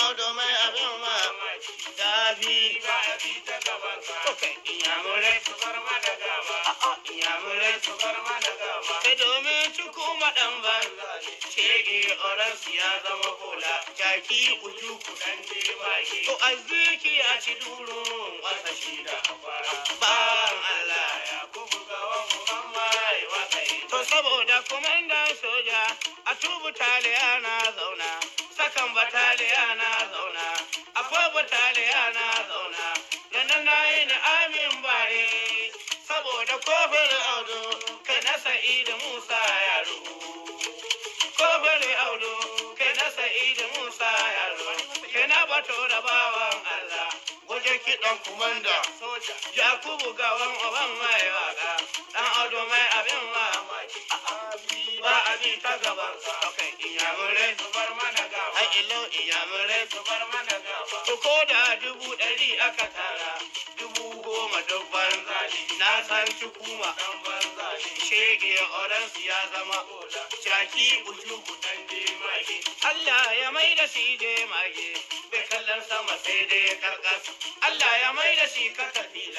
audu mai abin mamaki zafi zafi ta gaban ka domin cuku madan banza shege oran ya zama hula jaki kuju kudan jirage to arziki ya ci durun wasa shi da Allah ya kubuga wa muhammad wasa to saboda kumandan soja a tubu taliya na zauna kan bataliya na zauna akwai bataliya na zauna da na yi ni amin bare saboda kofar audu kai na sa'id musa yaro kofar audu kai na sa'id musa yaro kai na bato da bawan allah waje kiɗan kumanda yakubu gawan oban mai waka dan audu mai abin mamaki ba a bi ta gaban sa kai iyamurai su bar mana ilo iyamurai su bar mana gaba. Ko da dubu ɗari aka tara, dubu goma duk banza na san cikuma. Shege oransu ya zama kola, jaki ujuku ɗan jemage. Allah ya mai da shi jemage, bai kallon sama sai dai karkas. Allah ya mai da shi katafila.